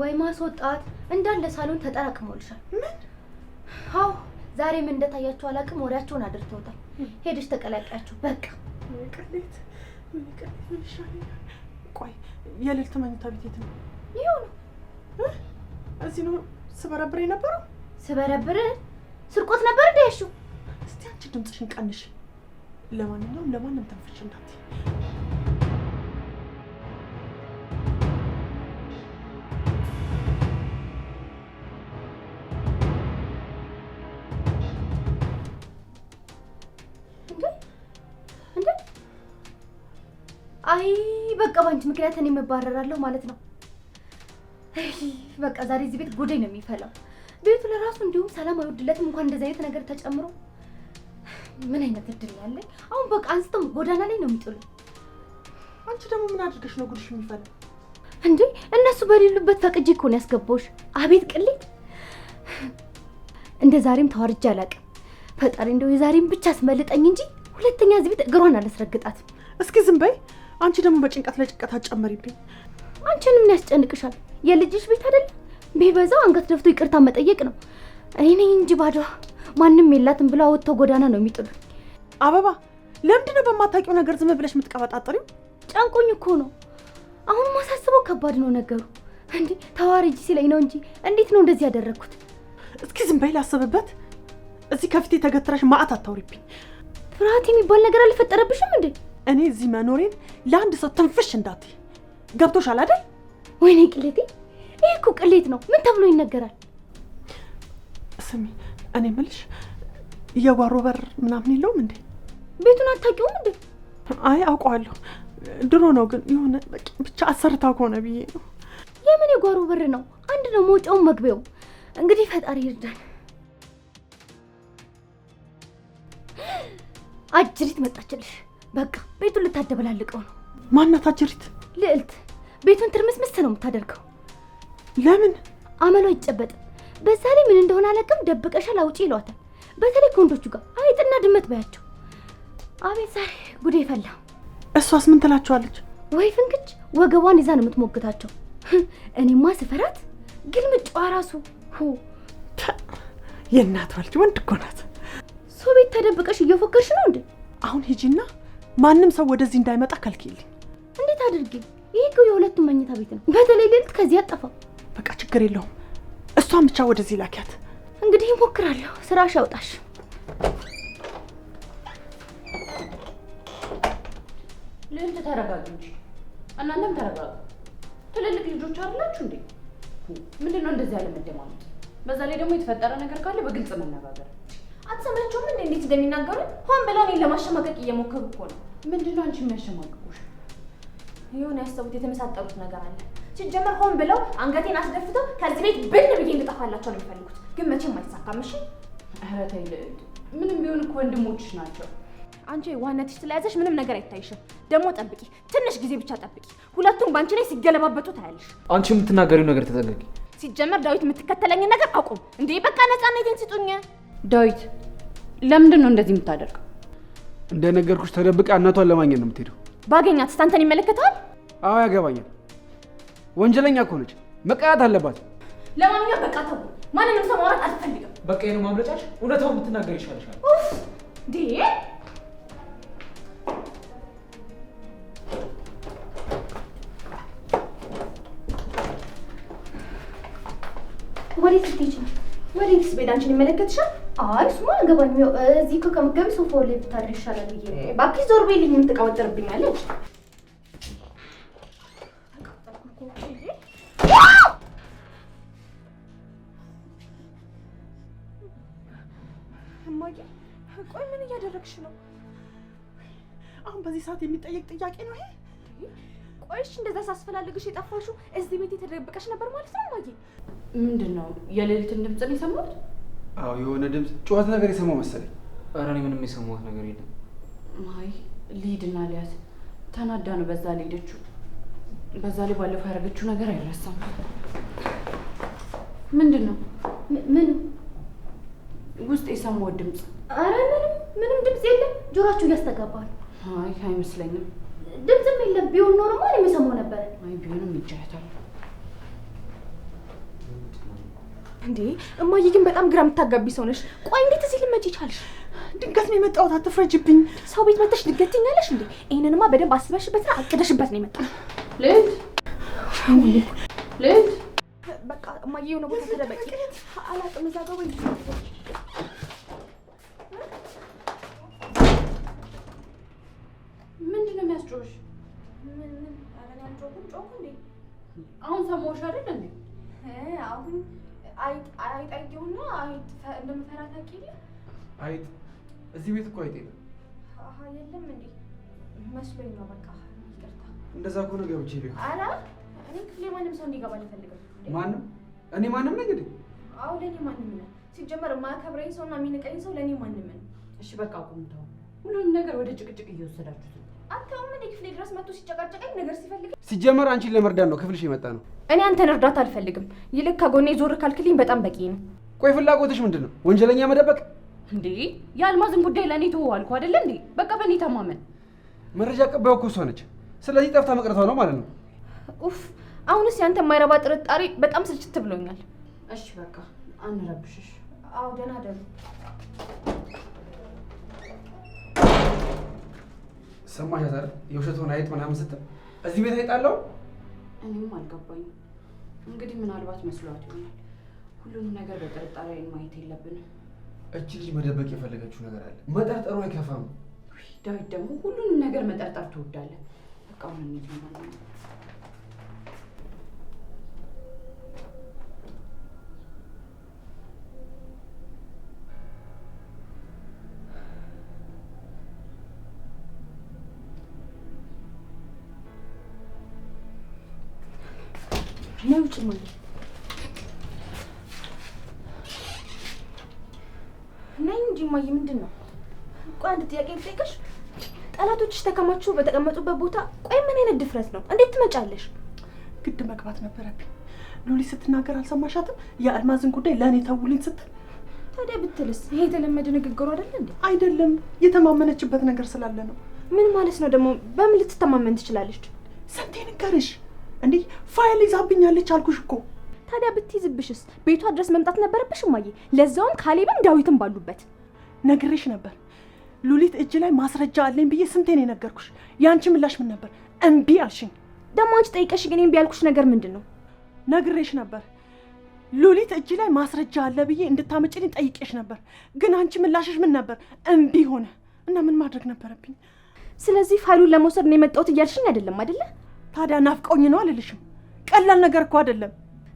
ወይ ማስወጣት እንዳለ ሳሎን ተጠራቅሞልሻል። ምን? አዎ ምን እንደታያቸው አላውቅም፣ ወሬያቸውን አድርተውታል። ሄደሽ ተቀላቅያቸው በቃ። ቅሌት ቆይ፣ የሌሊት መኝታ ቤት የት ነው? ይኸው ነው። እዚህ ነው ስበረብር የነበረው። ስበረብር ስርቆት ነበር እንደ እስቲ አንቺ ድምፅሽን ቀንሽ። ለማንኛውም ለማንም ተንፍሽ እንዳትዪ አይ በቃ ባንቺ ምክንያት እኔ መባረራለሁ ማለት ነው። በቃ ዛሬ እዚህ ቤት ጉዴ ነው የሚፈላው። ቤቱ ለራሱ እንዲሁም ሰላም አይወድለትም። እንኳን እንደዚህ አይነት ነገር ተጨምሮ ምን አይነት እድል ያለኝ አሁን። በቃ አንስተው ጎዳና ላይ ነው የሚጥሉ። አንቺ ደግሞ ምን አድርገሽ ነው ጉድሽ የሚፈላው? እንዴ እነሱ በሌሉበት ፈቅጄ እኮ ነው አቤት ቅሌት! እንደ ዛሬም ተዋርጄ አላውቅም። ፈጣሪ እንደው የዛሬም ብቻ አስመልጠኝ እንጂ ሁለተኛ እዚህ ቤት እግሯን አላስረግጣትም። እስኪ ዝም በይ። አንቺ ደግሞ በጭንቀት ላይ ጭንቀት አጨመሪብኝ። አንቺን ምን ያስጨንቅሻል? የልጅሽ ቤት አይደለም? ቢበዛ አንገት ደፍቶ ይቅርታ መጠየቅ ነው። እኔ ነኝ እንጂ ባዶ ማንም የላትም ብሎ አወጥተው ጎዳና ነው የሚጥሉ። አበባ ለምንድነው በማታውቂው ነገር ዝም ብለሽ የምትቀበጣጠሪው? ጨንቆኝ እኮ ነው። አሁን ማሳስበው ከባድ ነው ነገሩ። እንዴ ተዋረጂ ሲለኝ ነው እንጂ እንዴት ነው እንደዚህ ያደረግኩት? እስኪ ዝም በይ ላስብበት። እዚህ ከፊቴ ተገትረሽ ማአት አታውሪብኝ። ፍርሃት የሚባል ነገር አልፈጠረብሽም እንዴ? እኔ እዚህ መኖሬን ለአንድ ሰው ትንፍሽ እንዳት ገብቶሻል አይደል? ወይኔ ቅሌቴ! ይህ እኮ ቅሌት ነው። ምን ተብሎ ይነገራል? ስሚ እኔ ምልሽ የጓሮ በር ምናምን የለውም እንዴ? ቤቱን አታውቂውም እንዴ? አይ አውቀዋለሁ፣ ድሮ ነው ግን የሆነ ብቻ አሰርታ ከሆነ ብዬ ነው። የምን የጓሮ በር ነው? አንድ ነው መውጫውም መግቢያው። እንግዲህ ፈጣሪ ይርዳል። አጅሪት መጣችልሽ። በቃ ቤቱን ልታደበላልቀው ነው። ማናት አጀሪት? ልዕልት ቤቱን ትርምስምስ ነው የምታደርገው። ለምን? አመሉ አይጨበጥም። በዛ ላይ ምን እንደሆነ አላውቅም፣ ደብቀሻል አውጪ ይሏታል። በተለይ ከወንዶቹ ጋር አይጥና ድመት ባያቸው። አቤት ዛሬ ጉዴ ፈላ። እሷስ ምን ትላቸዋለች? ወይ ፍንክች ወገቧን ይዛ ነው የምትሞግታቸው። እኔማ ስፈራት ግልምጫዋ ራሱ የእናት ባልጅ ወንድ እኮ ናት። ቤት ተደብቀሽ እየፎከርሽ ነው እንዴ? አሁን ሂጂና ማንም ሰው ወደዚህ እንዳይመጣ ከልክልኝ። እንዴት አድርጌ? ይሄ እኮ የሁለቱም መኝታ ቤት ነው። በተለይ ሌሊት ከዚህ አጠፋው። በቃ ችግር የለውም። እሷን ብቻ ወደዚህ ላኪያት። እንግዲህ እሞክራለሁ። ስራሽ አውጣሽ ልዕልት ተረጋጊ እንጂ እናንተም ተረጋጉ። ትልልቅ ልጆች አይደላችሁ እንዴ? ምንድን ነው እንደዚህ ያለ መደማመጥ? በዛ ላይ ደግሞ የተፈጠረ ነገር ካለ በግልጽ መነጋገር አትሰማቸውም እንዴ? እንዴት እንደሚናገሩት ሆን ብለው እኔን ለማሸማቀቅ እየሞከሩ እኮ ነው። ምንድን ነው አንቺ የሚያሸማቅቁሽ? የሆነ ያሰቡት የተመሳጠሩት ነገር አለ። ሲጀመር ሆን ብለው አንገቴን አስደፍተው ከዚህ ቤት ብን ብዬ እንድጠፋላቸው ነው የሚፈልጉት። ግን መቼም አይሳካም። እሺ፣ ኧረ ተይ ልዕልት፣ ምንም ቢሆን እኮ ወንድሞችሽ ናቸው። አንቺ የዋህነትሽ ስለያዘሽ ምንም ነገር አይታይሽም። ደግሞ ጠብቂ፣ ትንሽ ጊዜ ብቻ ጠብቂ። ሁለቱም በአንቺ ላይ ሲገለባበጡ ታያለሽ። አንቺ የምትናገሪው ነገር ተጠንቀቂ። ሲጀመር ዳዊት የምትከተለኝን ነገር አቁም። እንዴ በቃ ነፃነቴን ስጡኝ። ዳዊት ለምንድን ነው እንደዚህ የምታደርገው? እንደነገርኩሽ ተደብቃ እናቷን ለማግኘት ነው የምትሄደው። ባገኛት ስታንተን ይመለከተዋል? አዎ ያገባኛል። ወንጀለኛ ከሆነች መቀጣት አለባት። ለማንኛውም በቃ ተው፣ ማንንም ሰው ማውራት አልፈልግም። በቃ ይሄ ነው ማምለጫሽ። እውነታውን ብትናገር ይሻልሻል። ዲ ወዴት ስትሄጂ ነው? ወዴት ቤት አንቺን ይመለከትሻል? አይ እሱማ አገባኝ። እዚህ እኮ ከምትገቢ ሶፋው ላይ ብታድር ይሻላል ብዬ እባክሽ ዞር በይልኝ። ምን ትቀወጥርብኛለች? እማዬ ቆይ ምን እያደረግሽ ነው? አሁን በዚህ ሰዓት የሚጠየቅ ጥያቄ ነው ይሄ? ቆይሽ እንደዛ ሳስፈላልግሽ የጠፋሽው እዚህ ቤት የተደበቀሽ ነበር ማለት ነው? ማየ ምንድን ነው የሌሊትን ድምፅ ነው የሰማሁት? አዎ የሆነ ድምፅ ጨዋታ ነገር የሰማው መሰለኝ። ኧረ እኔ ምንም የሰማሁት ነገር የለም። ማይ ሊድና ሊያት ተናዳ ነው በዛ ላይ በዛ ላይ ባለፈው ያደረገችው ነገር አይረሳም። ምንድን ነው ምን ውስጥ የሰማሁት ድምፅ? ኧረ ምንም ምንም ድምፅ የለም። ጆሮአችሁ እያስተጋባል? አይ አይመስለኝም ድምፅም የለም። ቢሆን ኖርማ የሚሰማው ነበር። አይ ቢሆንም ይቻታል እንዴ እማዬ፣ ግን በጣም ግራ የምታጋቢ ሰው ነሽ። ቆይ እንዴት እዚህ ልመጭ ይቻልሽ? ድንገት ነው የመጣሁት፣ አትፍረጅብኝ። ሰው ቤት መጥተሽ ድንገት ትኛለሽ እንዴ? ይህንንማ በደንብ አስበሽበትና አቅደሽበት ነው የመጣው። ልድ ልድ፣ በቃ እማዬ፣ የሆነ ቦታ ተደበቂ። አላቅም እዛ ጋር ወይ አልጮኩም ጮኩ እንዴ? አሁን ሰማሁሽ አይደል እንዴ? አሁን አይጥ አይጥ አይጤውና አይጥ እንደምፈራ ታውቂያለሽ? አይጥ እዚህ ቤት እኮ አይጥ የለም። አሀ የለም እንዴ? መስሎኝ ነው። በቃ ይቅርታ። እንደዛ ከሆነ ገብቼ ልሂድ። ኧረ እኔ ክፍሌ ማንም ሰው እንዲገባ አልፈልግም። ማንም እኔ ማንም ነኝ እንዴ? አዎ ለእኔ ማንም ነው። ሲጀመር የማያከብረኝ ሰውና የሚንቀኝ ሰው ለእኔ ማንም ነው። እሺ በቃ ቁምተው ተው። ሁሉንም ነገር ወደ ጭቅጭቅ እየወሰዳችሁት አታውም እንዴ? ክፍሌ ድረስ መጥቶ ሲጨቃጨቀኝ ነገር ሲፈልግ ሲጀመር አንቺን ለመርዳት ነው ክፍልሽ የመጣ ነው። እኔ አንተን እርዳታ አልፈልግም። ይልቅ ከጎኔ ዞር ካልክልኝ በጣም በቂ ነው። ቆይ ፍላጎትሽ ምንድን ነው? ወንጀለኛ መደበቅ እንዴ? የአልማዝን ጉዳይ ለእኔ ተወው አልኩ አደለ እንዴ? በቃ በእኔ ተማመን። መረጃ ቀባዩ እኮ እሷ ነች። ስለዚህ ጠፍታ መቅረቷ ነው ማለት ነው። ኡፍ! አሁንስ ያንተ የማይረባ ጥርጣሬ በጣም ስልችት ብሎኛል። እሺ በቃ አንረብሽሽ። አዎ ደህና ደሩ። ሰማሽ? የውሸት ሆነ አይጥ ምናምን ስትል እዚህ ቤት አይጣለው። እኔም አልገባኝ። እንግዲህ ምናልባት መስሏት ይሆናል። ሁሉንም ነገር በጥርጣሬ ማየት የለብንም። እች ልጅ መደበቅ የፈለገችው ነገር አለ። መጠርጠሩ አይከፋም። ዳዊት ደግሞ ሁሉንም ነገር መጠርጠር ትወዳለህ። በቃ ምን ማለት ነኝ እንጂ እማዬ፣ ምንድን ነው? ቆይ አንድ ጥያቄ ልጠይቅሽ። ጠላቶችሽ ተከማችሁ በተቀመጡበት ቦታ፣ ቆይ ምን አይነት ድፍረት ነው? እንዴት ትመጫለሽ? ግድ መግባት ነበረብኝ። ሉሊ ስትናገር አልሰማሻትም? የአልማዝን ጉዳይ ለእኔ ተውልኝ ስትል ታዲያ ብትልስ? ይሄ የተለመደ ንግግሩ አይደለ እንዴ? አይደለም፣ የተማመነችበት ነገር ስላለ ነው። ምን ማለት ነው ደግሞ? በምን ልትተማመን ትችላለች? ስንቴ ንገርሽ እንዴ ፋይል ይዛብኛለች አልኩሽ እኮ። ታዲያ ብትይዝብሽስ ቤቷ ድረስ መምጣት ነበረብሽ እማዬ፣ ለዛውም ካሌብም ዳዊትም ባሉበት። ነግሬሽ ነበር ሉሊት፣ እጅ ላይ ማስረጃ አለኝ ብዬ ስንቴን የነገርኩሽ። ያንቺ ምላሽ ምን ነበር? እምቢ አልሽኝ። ደግሞ አንቺ ጠይቀሽ ግን እምቢ ያልኩሽ ነገር ምንድን ነው? ነግሬሽ ነበር ሉሊት፣ እጅ ላይ ማስረጃ አለ ብዬ እንድታመጭልኝ ጠይቄሽ ነበር። ግን አንቺ ምላሽሽ ምን ነበር? እምቢ ሆነ እና ምን ማድረግ ነበረብኝ? ስለዚህ ፋይሉን ለመውሰድ ነው የመጣሁት እያልሽኝ አይደለም አይደለ? ታዲያ ናፍቀውኝ ነው አልልሽም። ቀላል ነገር እኮ አይደለም።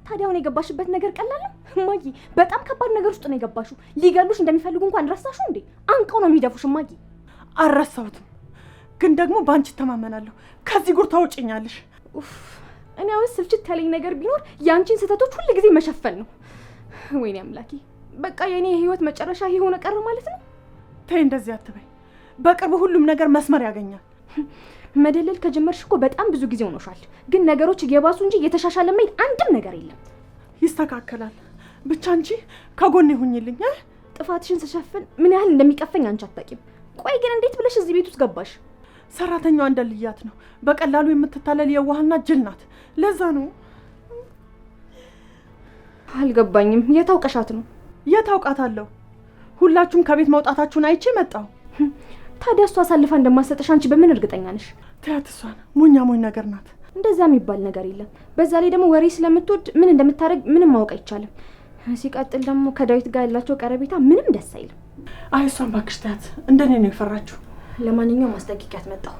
ታዲያ አሁን የገባሽበት ነገር ቀላል ነው እማዬ። በጣም ከባድ ነገር ውስጥ ነው የገባሽው። ሊገሉሽ እንደሚፈልጉ እንኳን ረሳሹ እንዴ? አንቀው ነው የሚደፉሽ እማዬ። አረሳሁትም ግን ደግሞ በአንቺ እተማመናለሁ። ከዚህ ጉር ታውጭኛለሽ። እኔ አሁን ስልችት ያለኝ ነገር ቢኖር የአንቺን ስህተቶች ሁል ጊዜ መሸፈን ነው። ወይኔ አምላኬ፣ በቃ የእኔ የህይወት መጨረሻ የሆነ ቀረ ማለት ነው። ተይ እንደዚህ አትበይ። በቅርቡ ሁሉም ነገር መስመር ያገኛል። መደለል ከጀመርሽ እኮ በጣም ብዙ ጊዜ ሆኖሻል። ግን ነገሮች እየባሱ እንጂ እየተሻሻለ መሄድ አንድም ነገር የለም። ይስተካከላል ብቻ እንጂ ከጎን ይሁኝልኝ። ጥፋትሽን ስሸፍን ምን ያህል እንደሚቀፈኝ አንቺ አታውቂም። ቆይ ግን እንዴት ብለሽ እዚህ ቤት ውስጥ ገባሽ? ሰራተኛዋ እንደልያት ነው። በቀላሉ የምትታለል የዋህና ጅል ናት። ለዛ ነው አልገባኝም። የታውቀሻት ነው? የታውቃታለሁ። ሁላችሁም ከቤት መውጣታችሁን አይቼ መጣሁ። ታዲያ እሷ አሳልፋ እንደማሰጥሽ አንቺ በምን እርግጠኛ ነሽ? ትያት እሷን ሞኛ ሞኝ ነገር ናት። እንደዛ የሚባል ነገር የለም። በዛ ላይ ደግሞ ወሬ ስለምትወድ ምን እንደምታደርግ ምንም ማወቅ አይቻልም። ሲቀጥል ደግሞ ከዳዊት ጋር ያላቸው ቀረቤታ ምንም ደስ አይልም። አይ እሷን እባክሽ ትያት፣ እንደኔ ነው የፈራችሁ። ለማንኛውም ማስጠንቀቂያ መጣሁ።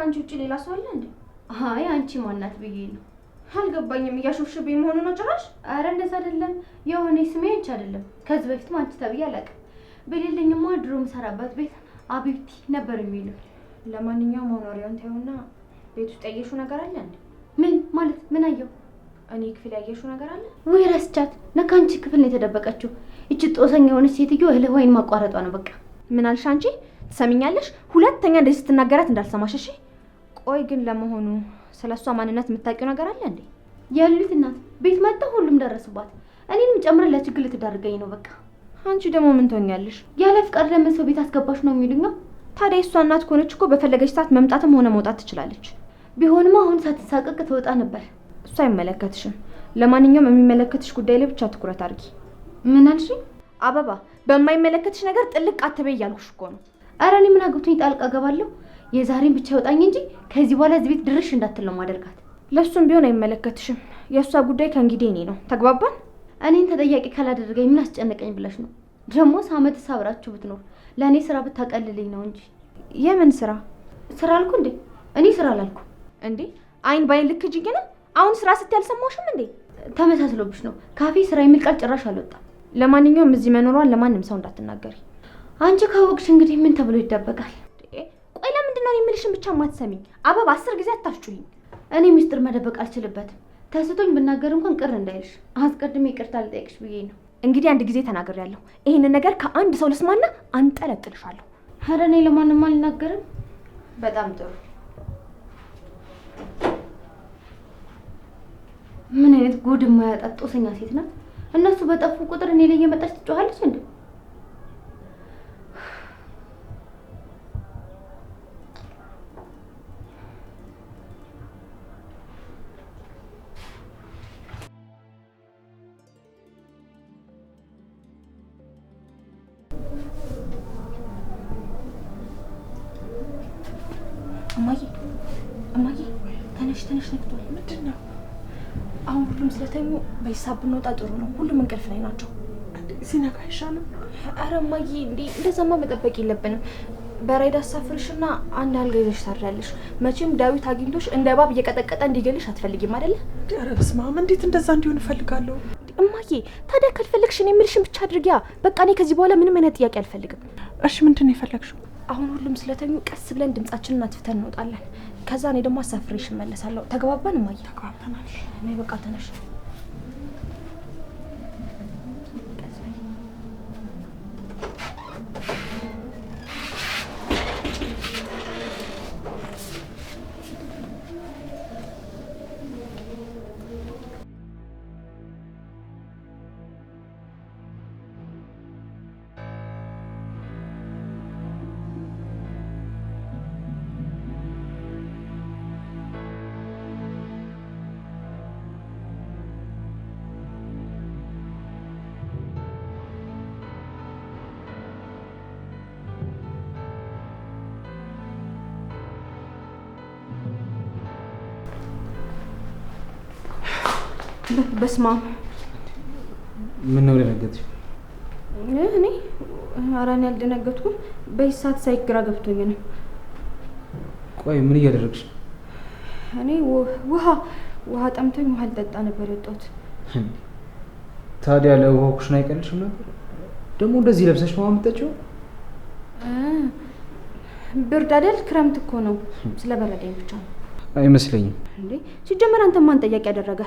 ከአንቺ ውጭ ሌላ ሰው አለ እንዴ? አይ አንቺ ማናት ብዬ ነው። አልገባኝም። እያሾፍሽብኝ መሆኑ ነው ጭራሽ? አረ እንደዛ አይደለም። የሆነ ስሜ አንቺ አይደለም። ከዚህ በፊትም አንቺ ተብዬ አላውቅም። በሌለኝማ ድሮ የምሰራበት ቤት አቢብቲ ነበር የሚለው። ለማንኛውም መኖሪያውን ተይውና ቤት ውስጥ ያየሽው ነገር አለ እንዴ? ምን ማለት ምን አየው? እኔ ክፍል ያየሽው ነገር አለ ወይ? ረስቻት ነካ። አንቺ ክፍል ነው የተደበቀችው። እቺ ጦሰኛ የሆነች ሴትዮ እህል ወይን ማቋረጧ ነው በቃ። ምን አልሽ አንቺ? ትሰሚኛለሽ? ሁለተኛ እንደዚህ ስትናገራት እንዳልሰማሽ እሺ ቆይ ግን ለመሆኑ ስለ እሷ ማንነት የምታውቂው ነገር አለ እንዴ? የሉሊት እናት ቤት መጣ ሁሉም ደረሱባት። እኔንም ጨምረ ለችግር ልትዳርገኝ ነው። በቃ አንቺ ደግሞ ምን ትሆኛለሽ? ያለ ፍቃድ ለምን ሰው ቤት አስገባሽ ነው የሚሉኛ። ታዲያ እሷ እናት ከሆነች እኮ በፈለገች ሰዓት መምጣትም ሆነ መውጣት ትችላለች። ቢሆንም አሁን ሳትሳቀቅ ትወጣ ነበር። እሱ አይመለከትሽም። ለማንኛውም የሚመለከትሽ ጉዳይ ላይ ብቻ ትኩረት አድርጊ። ምን አልሽ? አበባ፣ በማይመለከትሽ ነገር ጥልቅ አትበይ እያልኩሽ እኮ ነው። ኧረ እኔ ምን አግብቶኝ ጣልቃ እገባለሁ? የዛሬን ብቻ ይወጣኝ እንጂ ከዚህ በኋላ እዚህ ቤት ድርሽ እንዳትለው ማደርጋት። ለእሱም ቢሆን አይመለከትሽም። የእሷ ጉዳይ ከእንግዲህ እኔ ነው። ተግባባን? እኔን ተጠያቂ ካላደረገኝ ምን አስጨነቀኝ ብለሽ ነው? ደግሞ ሳመት ሳብራችሁ ብትኖር ለእኔ ስራ ብታቀልልኝ ነው እንጂ። የምን ስራ ስራ አልኩ እንዴ? እኔ ስራ አላልኩ እንዴ? አይን ባይን ልክ እጅግ ነው። አሁን ስራ ስትይ አልሰማሁሽም እንዴ? ተመሳስሎብሽ ነው። ካፌ ስራ የሚል ቃል ጭራሽ አልወጣም። ለማንኛውም እዚህ መኖሯን ለማንም ሰው እንዳትናገሪ። አንቺ ካወቅሽ እንግዲህ ምን ተብሎ ይደበቃል? ቆይ ለምንድን ነው የምልሽን ብቻ ማትሰሚኝ? አበባ አስር ጊዜ አታሽጩኝ። እኔ ሚስጥር መደበቅ አልችልበትም። ተስቶኝ ብናገር እንኳን ቅር እንዳይልሽ አስቀድሜ ይቅርታ ልጠይቅሽ ብዬ ነው። እንግዲህ አንድ ጊዜ ተናግሬያለሁ። ይህንን ነገር ከአንድ ሰው ልስማና አንጠለጥልሻለሁ። ኧረ እኔ ለማንም አልናገርም። በጣም ጥሩ። ምን አይነት ጉድ የማያጣ ጦሰኛ ሴት ናት! እነሱ በጠፉ ቁጥር እኔ ላይ የመጣች ትጮሃለች እንዴ? ትንሽ ነግቷል። ምንድን ነው አሁን? ሁሉም ስለተኙ በሂሳ ብንወጣ ጥሩ ነው። ሁሉም እንቅልፍ ላይ ናቸው። ሲነጋ አይሻልም? ኧረ እማዬ፣ እንዴ እንደዛማ መጠበቅ የለብንም። በራይድ አሳፍርሽ እና አንድ አልጋ ይዘሽ ታድራለሽ። መቼም ዳዊት አግኝቶሽ እንደ እባብ እየቀጠቀጠ እንዲገልሽ አትፈልጊም አይደለ? ኧረ በስመ አብ! እንዴት እንደዛ እንዲሆን እፈልጋለሁ። እማዬ፣ ታዲያ ካልፈለግሽ እኔ የምልሽን ብቻ አድርጊያ። በቃ እኔ ከዚህ በኋላ ምንም አይነት ጥያቄ አልፈልግም። እሺ፣ ምንድን ነው የፈለግሽው? አሁን ሁሉም ስለተኙ ቀስ ብለን ድምጻችንን አትፍተን እንወጣለን። ከዛ እኔ ደግሞ አሳፍሬሽ እመለሳለሁ። ተግባባን? ማየ ተግባብተናል። እኔ በቃ ተነሽ በስማ ምን ነው ደነገጥሽ? እኔ ኧረ እኔ ያልደነገጥኩም። በዚህ ሳይግራ ገብቶኝ ነው። ቆይ ምን እያደረግሽ? እኔ ውሃ ውሃ ጠምቶኝ ውሃ ልጠጣ ነበር የወጣሁት። ታዲያ ለውሃ ኩሽን አይቀልሽም ነበር? ደግሞ እንደዚህ ለብሰሽ ነው የምትጠጪው? ብርድ አይደል? ክረምት እኮ ነው። ስለበረደኝ ብቻ ነው አይመስለኝም። እንዴ ሲጀመር አንተ ማን ጠያቂ ያደረገ?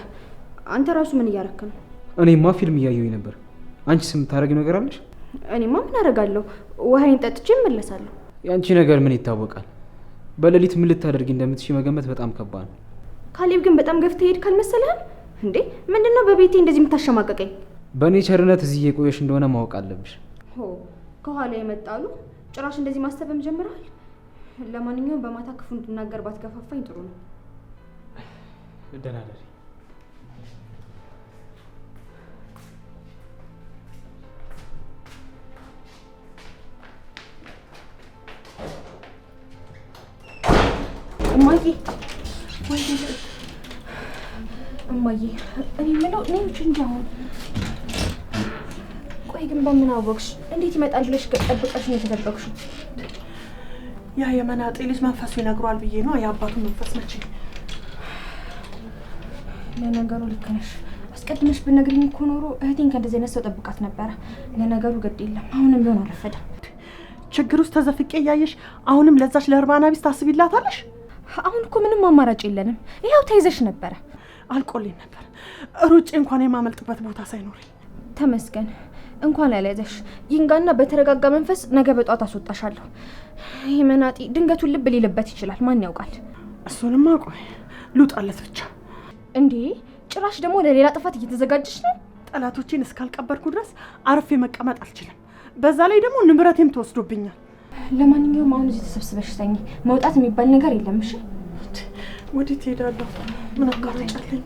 አንተ ራሱ ምን እያረክ ነው? እኔማ ፊልም እያየሁኝ ነበር። ስም የምታደርጊው ነገር አለሽ? እኔማ ምን አደርጋለሁ? ውሃዬን ጠጥቼ እመለሳለሁ። የአንቺ ነገር ምን ይታወቃል? በሌሊት ምን ልታደርጊ እንደምትሽ መገመት በጣም ከባድ ነው። ካሌብ ግን በጣም ገፍተህ ሄድክ አልመሰለህም እንዴ? ምንድን ነው በቤቴ እንደዚህ የምታሸማቀቀኝ? በእኔ ቸርነት እዚህ የቆየሽ እንደሆነ ማወቅ አለብሽ። ሆ ከኋላ የመጣሉ ጭራሽ እንደዚህ ማሰብም ጀምረሃል። ለማንኛውም በማታ ክፉ እንድናገር ባትገፋፋኝ ጥሩ ነው። ደህና እማዬ ወይ እማዬ፣ እኔ የምለው እኔ ውጭ እንጂ አሁን ቆይ ግን በምን አወቅሽ? እንዴት ይመጣል ብለሽ ጠብቀሽ ነው የተደበቅሽው? ያ የመናጤ ልጅ መንፈሱ ይነግሯል ብዬ ነው። የአባቱ መንፈስ መቼ ለነገሩ ልክ ነሽ። አስቀድመሽ ብትነግሪኝ እኮ ኖሮ እህቴን ከእንደዚህ አይነት ሰው ጠብቃት ነበረ። ለነገሩ ግድ የለም አሁንም ቢሆን አልረፈደም። ችግር ውስጥ ተዘፍቄ እያየሽ አሁንም ለዛች ለእርባና ቢስ ታስቢላታለሽ? አሁን እኮ ምንም አማራጭ የለንም። ይኸው ተይዘሽ ነበረ። አልቆልኝ ነበር ሩጬ እንኳን የማመልጥበት ቦታ ሳይኖር። ተመስገን እንኳን ያለያዘሽ ይንጋና በተረጋጋ መንፈስ ነገ በጧት አስወጣሻለሁ። ይህ መናጢ ድንገቱን ልብ ሊልበት ይችላል። ማን ያውቃል? እሱንም ቆይ ልውጣለት ብቻ። እንዴ ጭራሽ ደግሞ ለሌላ ጥፋት እየተዘጋጀች ነው። ጠላቶቼን እስካልቀበርኩ ድረስ አርፌ መቀመጥ አልችልም። በዛ ላይ ደግሞ ንብረቴም ተወስዶብኛል። ለማንኛውም አሁን እዚህ ተሰብስበሽ ተኝ። መውጣት የሚባል ነገር የለም። እሺ፣ ወዴት እሄዳለሁ? ምን አቃጠጫለኝ?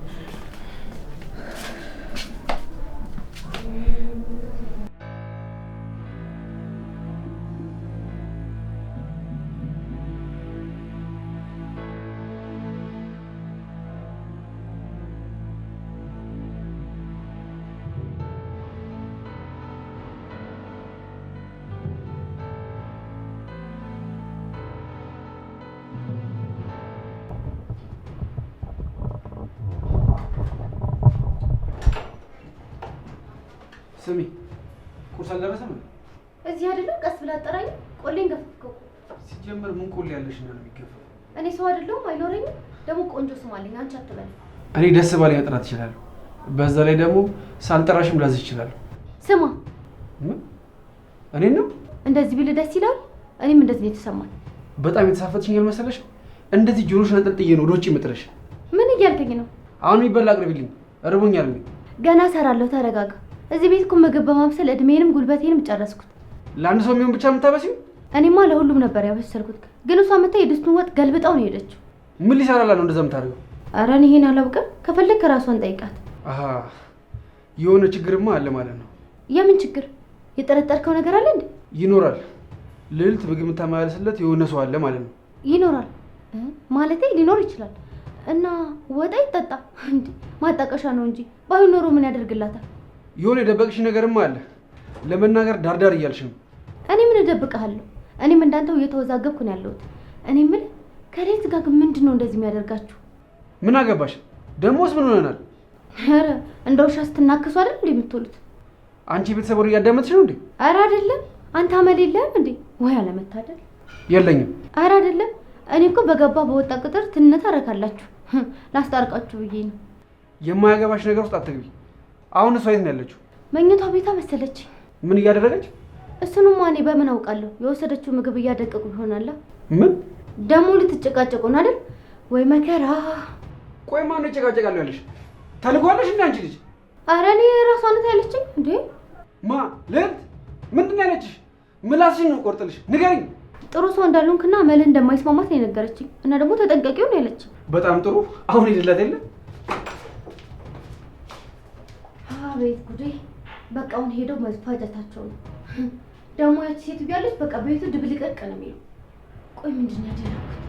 ስሚ ቁርስ አልደረሰም እዚህ አይደለም። ቀስ ብላ አጠራኝ። ቆሌን ገፈትከው። ሲጀምር ምን ቆሌ ያለሽ ነው የሚገፈው? እኔ ሰው አይደለሁም፣ አይኖረኝም። ደግሞ ቆንጆ ስም አለኝ፣ አንቺ አትበል። እኔ ደስ ባለኝ መጥራት እችላለሁ። በዛ ላይ ደግሞ ሳልጠራሽም ላዝ ይችላል። ስማ፣ እኔ ነው እንደዚህ ቢል ደስ ይላል። እኔም እንደዚህ ነው የተሰማኝ። በጣም የተሳፈትሽኝ መሰለሽ እንደዚህ ጆሮሽ ነጠልጥዬ ነው ወደ ውጭ የምጥለሽ። ምን እያልከኝ ነው? አሁን የሚበላ አቅርቢልኝ፣ እርቦኛል። ገና እሰራለሁ። ተረጋጋ። እዚህ ቤት እኮ ምግብ በማብሰል እድሜንም ጉልበቴንም ጨረስኩት። ለአንድ ሰው የሚሆን ብቻ የምታበሲው? እኔማ ለሁሉም ነበር ያበሰልኩት፣ ግን እሷ መታ የድስቱን ወጥ ገልብጠው ነው የሄደችው። ምን ሊሰራላ ነው እንደዛ የምታደርገው? ኧረ እኔ ይሄን አላውቅም። ከፈለግ ከራሷን ጠይቃት። የሆነ ችግርማ አለ ማለት ነው። የምን ችግር? የጠረጠርከው ነገር አለ እንዴ? ይኖራል። ልዕልት ምግብ የምታመላለስለት የሆነ ሰው አለ ማለት ነው። ይኖራል ማለቴ ሊኖር ይችላል። እና ወጣ ይጠጣ እንዴ ማጣቀሻ ነው እንጂ ባይኖሮ ምን ያደርግላታል? የሆነ የደበቅሽ ነገርም አለ። ለመናገር ዳርዳር እያልሽ ነው። እኔ ምን እደብቅሃለሁ? እኔም እንዳንተው እየተወዛገብኩ ነው ያለሁት። እኔ ምን ከሬት ጋር ግን ምንድን ነው እንደዚህ የሚያደርጋችሁ? ምን አገባሽ? ደሞስ ምን ሆነናል? ኧረ እንደ ውሻ ስትናክሱ አይደል እንዴ የምትውሉት? አንቺ ቤተሰቦር ወሬ እያዳመጥሽ ነው እንዴ? አረ አይደለም። አንተ አመል የለህም እንዴ? ወይ አለመታደል። የለኝም። አረ አይደለም። እኔ እኮ በገባ በወጣ ቁጥር ትነት አረካላችሁ። ላስታርቃችሁ ብዬ ነው። የማያገባሽ ነገር ውስጥ አትግቢ። አሁን እሷ የት ነው ያለችው? መኝቷ ቤታ መሰለች። ምን እያደረገች? እሱንማ እኔ በምን አውቃለሁ? የወሰደችው ምግብ እያደቀቁ ይሆናል። ምን ደግሞ ልትጨቃጨቁ ነው አይደል? ወይ መከራ። ቆይ ማነው ይጨቃጨቃለሁ ያለሽ? ታልጓለሽ እንደ አንቺ ልጅ። አረ እኔ ራሷ ናት ያለችኝ። እንዴ ማ ልዕልት ምንድን ያለችሽ? ምላስሽን ነው ቆርጥልሽ፣ ንገሪኝ። ጥሩ ሰው እንዳልሆንክና መል እንደማይስማማት ነው የነገረችኝ እና ደግሞ ተጠንቀቂው ነው ያለችኝ። በጣም ጥሩ። አሁን ሄድላት የለ ቤት ጉዴ! በቃ አሁን ሄደው መፋጀታቸው ነው። ደግሞ ያቺ ሴት ያለች በቃ ቤቱ ድብልቅቅ ነው የሚለው። ቆይ ምንድን ነው ያደረኩት?